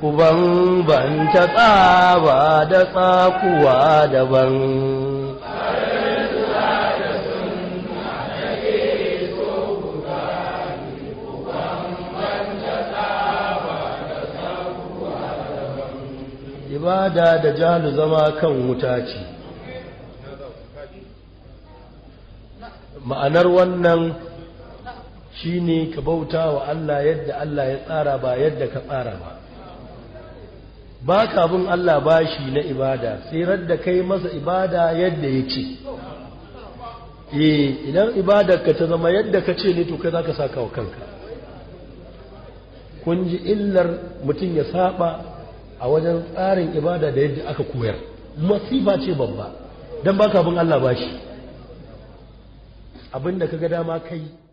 ku bambanta tsaba da tsakuwa daban ibada da jalu zama kan wuta ce ma'anar wannan shine ka bauta wa Allah yadda Allah ya tsara ba yadda ka tsara ba ba ka bin Allah bashi na ibada sai radda kai masa ibada yadda ya ce eh idan ibadarka ta zama yadda ka ce ne to kai za ka saka wa kanka kun ji illar mutum ya saba a wajen tsarin ibada da yadda aka koyar masifa ce babba don ba ka bin Allah bashi abinda ka ga dama kai